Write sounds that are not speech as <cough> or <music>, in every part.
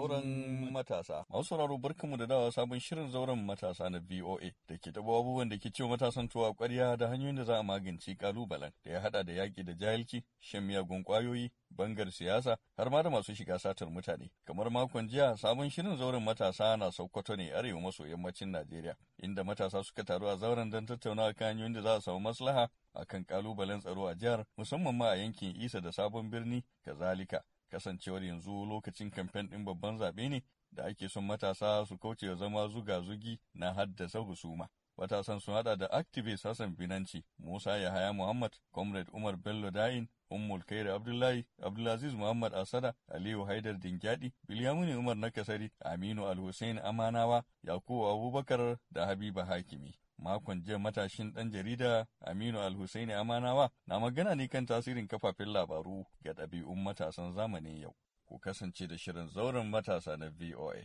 zauren matasa. Masu sauraro barkanmu da dawa sabon shirin zauren matasa na VOA da ke taɓa abubuwan da ke cewa matasan tuwa ƙwarya da hanyoyin da za a magance ƙalubalen da ya haɗa da yaƙi da jahilci, shan miyagun ƙwayoyi, bangar siyasa har ma da masu shiga satar mutane. Kamar makon jiya sabon shirin zauren matasa na Sokoto ne arewa maso yammacin Najeriya inda matasa suka taru a zauren don tattaunawa kan hanyoyin da za a samu maslaha akan ƙalubalen tsaro a jihar musamman ma a yankin Isa da sabon birni kazalika kasancewar yanzu lokacin kamfen ɗin babban zaɓe ne da ake son matasa su kauce zama zuga-zugi na haddasa husuma. Matasan sun hada da activist Hassan Binanci, Musa Yahaya Muhammad, Comrade Umar Bello Dain, Ummul Kaira Abdullahi, Abdulaziz Muhammad Asada, Aliyu Haidar Dingyadi, Bilyamuni Umar Nakasari, Aminu Alhussein Amanawa, Yakubu Abubakar da Habiba Hakimi. Makon jiya matashin ɗan jarida Aminu Alhussein Amanawa na magana ne kan tasirin kafafen labaru ga ɗabi'un matasan zamanin yau. Ku kasance da shirin zauren matasa na VOA.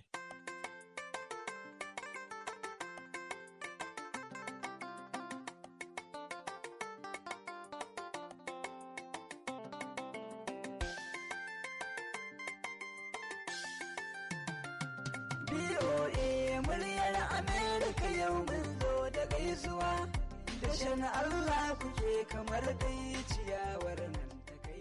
BOA muryar Amerika yau mun zo da gaisuwa. Dashen Allah ku je kamar dai ciyawar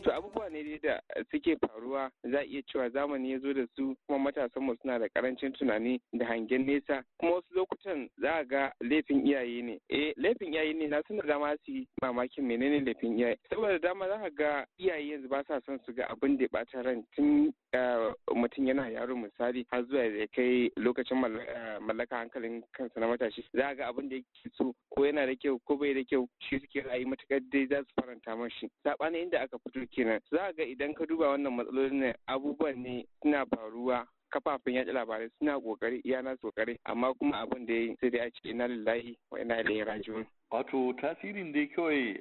To abubuwa ne dai da suke faruwa za a iya cewa zamani ya zo da su kuma matasanmu suna da karancin tunani da hangen nesa kuma wasu lokutan za a ga laifin iyaye ne. Eh laifin iyaye ne na suna dama su yi mamakin menene laifin iyaye. Saboda dama za ka ga iyaye yanzu ba sa son su ga abin da ɓata ran tun eh, mutum yana yaro misali har zuwa da kai lokacin eh, mallaka hankalin kansa na matashi za a ga abin da yake so ko yana da kyau ko bai da kyau shi suke ra'ayi matukar dai za su faranta mashi. Saɓanin inda aka fito kenan za ga idan ka duba wannan matsalolin ne abubuwan ne suna faruwa kafafen yaɗa labarai suna kokari iya na kokari amma kuma abin da ya sai dai a cikin na lillahi wa ina ilaihi raji'un wato tasirin dai kawai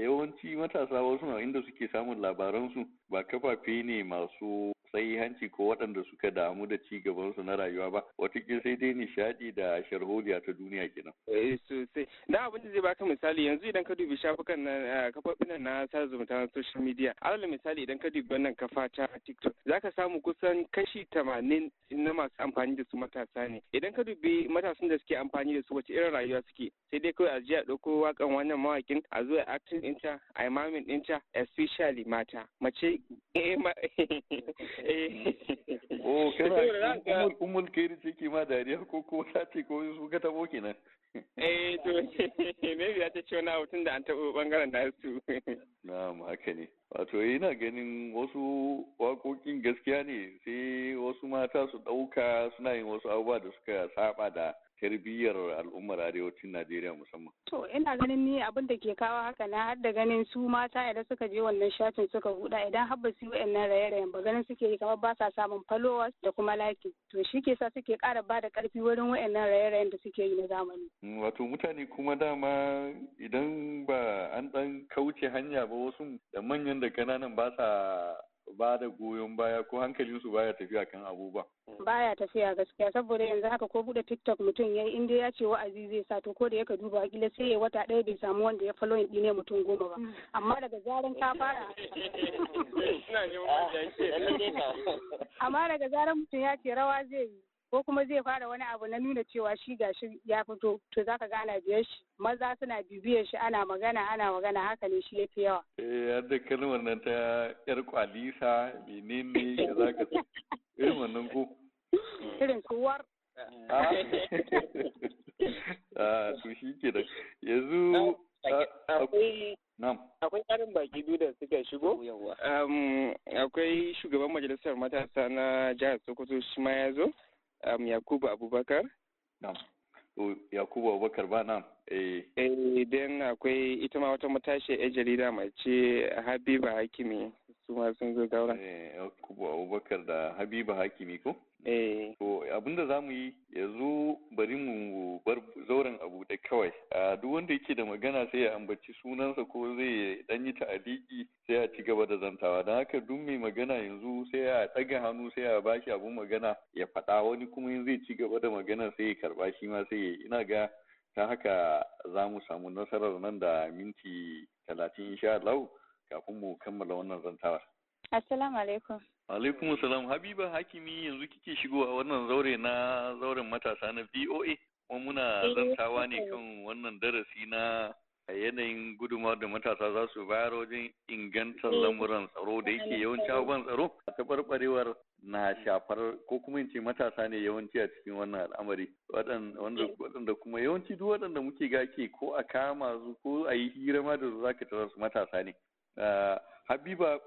yawanci matasa wasu na inda suke samun labaransu ba kafafe ne masu sai hanci ko waɗanda suka damu da ci gabansu na rayuwa ba wataƙila sai dai nishaɗi da sharholiya ta duniya kenan. Eh, sosai da abin da zai baka misali yanzu idan ka dubi shafukan na eh, kafofin na sada zumunta na social media alal misali idan ka dubi wannan kafa ta tiktok zaka samu kusan kashi tamanin na masu amfani da su matasa ne idan ka dubi matasan da suke amfani da su wace irin rayuwa suke sai dai kawai a a ɗauko wakan wannan mawakin a zo a acting ɗinta a imamin ɗinta especially mata mace eh, <laughs> Eh. o oh, kana kairi ce ma dariya ko kuma ta ce ko su ka tabo kenan eh to <laughs> maybe ta ce wani tun da an tabo bangaren da su <laughs> na'am haka ne wato yana eh, ganin wasu waƙoƙin gaskiya ne sai wasu mata su ɗauka suna yin wasu abubuwa da suka saba da tarbiyyar al'ummar arewacin Najeriya musamman? To ina ganin ni abin da ke kawo haka na har da ganin su mata idan suka je wannan shafin suka buɗa. idan har ba su yi wa'annan raye-rayen ba ganin suke yi kamar ba sa samun followers da kuma laki. To shi ke sa suke ƙara ba da ƙarfi wurin wa'annan raye-rayen da suke yi na zamani. Mm, wato mutane kuma dama idan ba an ɗan kauce hanya ba wasu da manyan da kananan ba sa ba da goyon baya ko su baya tafiya kan abubuwa. Baya tafiya gaskiya saboda yanzu haka ko bude TikTok mutum ya yi, inda ya ce wa'azi zai sa to ko da yaka duba kila sai ya wata ɗaya bai samu wanda ya following ɗi ne mutum goma ba. Amma daga zaran ta fara. Amma daga zaran mutum ya ce rawa zai yi ko kuma zai fara wani abu na nuna cewa shi gashi ya fito to zaka ga ana biyar shi maza suna bibiyar shi ana magana ana magana haka ne shi yafi yawa eh har da kalmar nan ta yar kwalisa menene ya zaka irin wannan ko irin kuwar a ah. <laughs> ah, to shi ke da yanzu ah, Akwai karin baki biyu da suka shigo. Akwai shugaban majalisar matasa na jihar Sokoto shi ma ya zo. um, Yakubu Abubakar. Na'am. Yakubu Abubakar ba nan. Eh. Eh, den akwai ita ma wata matashi ya jarida mace Habiba Hakimi su ma sun zo gaura. Eh, Yakubu Abubakar da Habiba Hakimi ko? Eh. To abinda za mu yi yanzu bari mu bar zauren kawai duk wanda yake da magana sai ya ambaci sunansa ko zai dan yi ta'adiki sai a ci gaba da zantawa don haka duk mai magana yanzu sai a ɗaga hannu sai a bashi abun magana ya faɗa wani kuma yanzu zai ci gaba da magana sai ya karɓa shi ma sai ina ga ta haka za mu samu nasarar nan da minti talatin insha Allah kafin mu kammala wannan zantawar. Assalamu alaikum. Alaikum salam Habiba Hakimi yanzu kike shigowa wannan zaure na zauren matasa na VOA. kuma muna eh, zantawa ne kan wannan darasi na a yanayin gudunmawar da matasa za su bayar wajen ingantar eh, lamuran tsaro da yake yawanci ban tsaro taɓarɓarewar na shafar ko kuma in ce matasa ne yawanci a cikin wannan al'amari eh. waɗanda kuma yawanci duk waɗanda muke gake ko a kama su ko a yi hira ma da su ka tara su matasa ne ah, habiba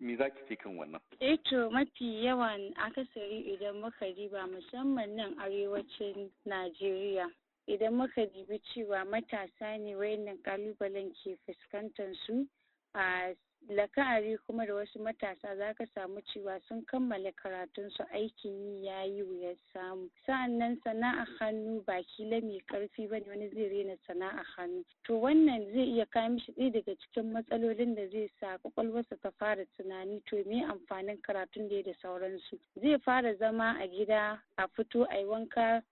me za ki ce kan wannan? Eh mafi yawan akasari idan muka diba musamman nan arewacin Najeriya. Idan muka dibi cewa matasa ne wayannan kalubalen ke fuskantar su a La'akari kuma da wasu matasa za ka samu cewa sun kammala karatunsu aikin yi ya yi wuyar samu. Sa'annan sana'a hannu ba kila mai karfi ba ne wani zai rena sana'a hannu. To wannan zai iya kawo mishi ɗaya daga cikin matsalolin da zai sa kwakwalwarsa ta fara tunani to me amfanin karatun da ya da sauransu. Zai fara zama a gida a fito a yi wanka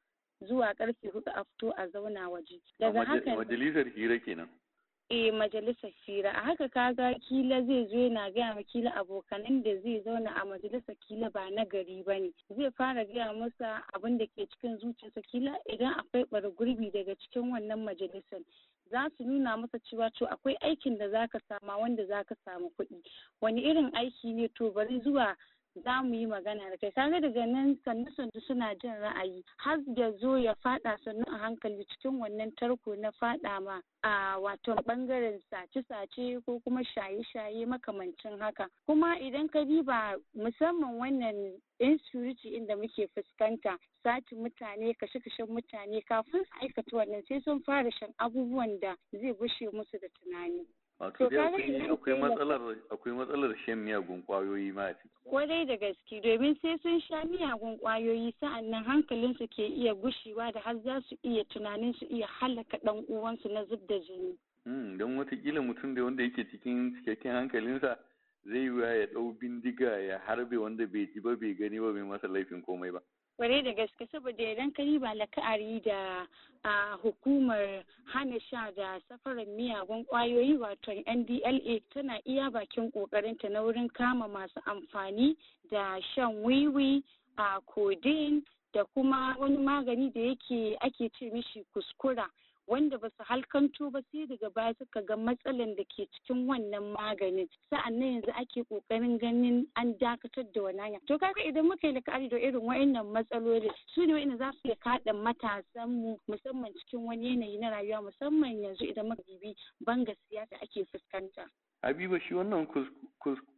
zuwa karfe hudu a fito a zauna waje. Daga hakan. Majalisar hira kenan. eh majalisar hira a haka kaga kila zai zo yana gaya ma kila abokanan da zai zauna a majalisar kila ba na gari ba ne zai fara gaya masa abin da ke cikin zuciyarsa kila idan akwai bar gurbi daga cikin wannan majalisar za su nuna masa cewa to akwai aikin da zaka sama wanda zaka samu kuɗi wani irin aiki ne to bari zuwa za mu yi magana da kai kaga daga nan sannu sannu suna jin ra'ayi har ya zo ya faɗa sannu a hankali cikin wannan tarko na faɗa ma a wato bangaren sace-sace ko kuma shaye-shaye makamancin haka kuma idan ka diba musamman wannan insecurity inda muke fuskanta sace mutane kashe-kashen mutane kafin su aikata wannan sai sun fara shan abubuwan da zai bushe musu da tunani Wato dai akwai matsalar akwai matsalar shan miyagun kwayoyi ma Kwarai da gaske domin sai sun sha miyagun kwayoyi sa'annan hankalin su ke iya gushewa da har za su iya tunanin su iya halaka dan uwansu na zub da jini. Hmm, don watakila mutum da wanda yake cikin cikakken hankalinsa zai yi ya ɗau bindiga ya harbe wanda bai ji ba bai gani ba bai masa laifin komai ba. Kwarai da gaske saboda idan ka yi ba la'akari da hukumar hana sha da safarar miyagun kwayoyi wato NDLA tana iya bakin kokarinta na wurin kama masu amfani da shan wiwi a codeine da kuma wani magani da yake ake ce mishi kuskura wanda ba su halkanto ba sai daga baya suka ga matsalan da ke cikin wannan maganin Sa'an sa'annan yanzu ake kokarin ganin an dakatar da wani hanya to kaga idan muka yi la'akari da irin wa'annan matsaloli su ne wa'inda za su iya kaɗa matasan mu musamman cikin wani yanayi na rayuwa musamman yanzu idan muka bibi banga siyasa ake fuskanta habiba shi wannan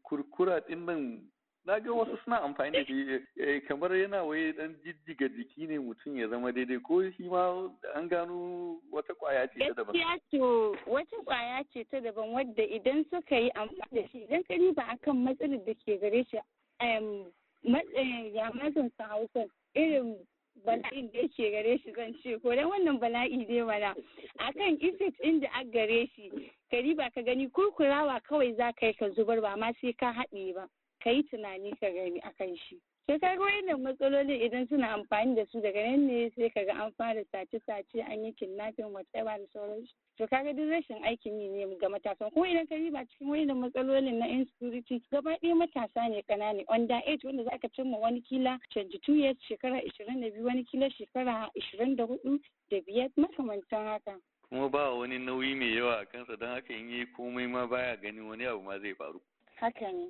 kurkura din nan na ga wasu suna amfani da shi eh, eh, kamar yana waye dan jijjiga jiki ne mutum ya zama daidai ko shi ma an gano wata kwaya ce ta daban gaskiya to wata kwaya ce ta daban wadda idan suka yi amfani da shi idan ka riba akan matsalar da ke gare shi eh, ya mazan sa hausa irin bala'in da yake gare shi zan ce ko dan wannan bala'i dai mana akan effect din da aka gare shi ka ba ka gani kurkurawa kawai za ka yi ka zubar ba ma sai ka haɗe ba ka yi tunani ka gani akan shi sai ka ga wayannan matsalolin idan suna amfani da su daga nan ne sai ka ga an fara sace-sace an yi kidnapping whatever da sauransu to kaga duk rashin aikin yi ne ga matasan kuma idan ka riba cikin wayannan matsalolin na insecurity gaba ɗaya matasa ne kanane under age wanda za ka cimma wani kila 22 years shekara 22 wani kila shekara 24 da biyar makamantan haka kuma ba wani nauyi mai yawa a kansa don haka in yi komai ma baya ganin wani abu ma zai faru haka ne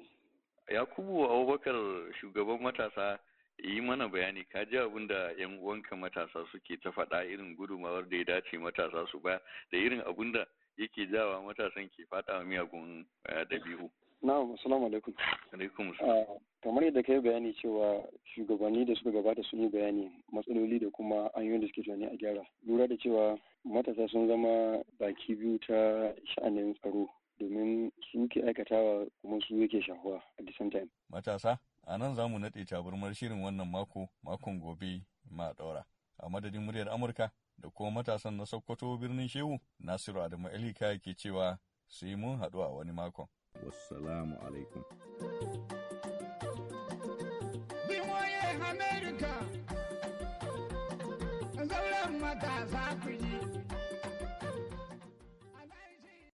Yakubu Abubakar shugaban matasa yi mana bayani ka ji abin da yan uwanka matasa suke ta faɗa irin gudumawar da ya dace matasa su ba da irin abin da yake jawa matasan ke faɗa miyagun dabi'u. Eh, Na'am, assalamu alaikum. Alaikum ah, Kamar yadda kai bayani cewa shugabanni da suka gabata sun yi bayani matsaloli da kuma hanyoyin da suke tunani a gyara. Lura da cewa matasa sun zama baki biyu ta sha'anin tsaro domin su ke aikatawa kuma su yake shahuwa a the time. Matasa, a nan za mu naɗe tabarmar shirin wannan mako, makon gobe ma ɗaura. A madadin muryar Amurka da kuma matasan na Sokoto birnin Shehu, Nasiru Adamu Elika ke cewa su yi mun haɗu a wani makon. Wassalamu alaikum.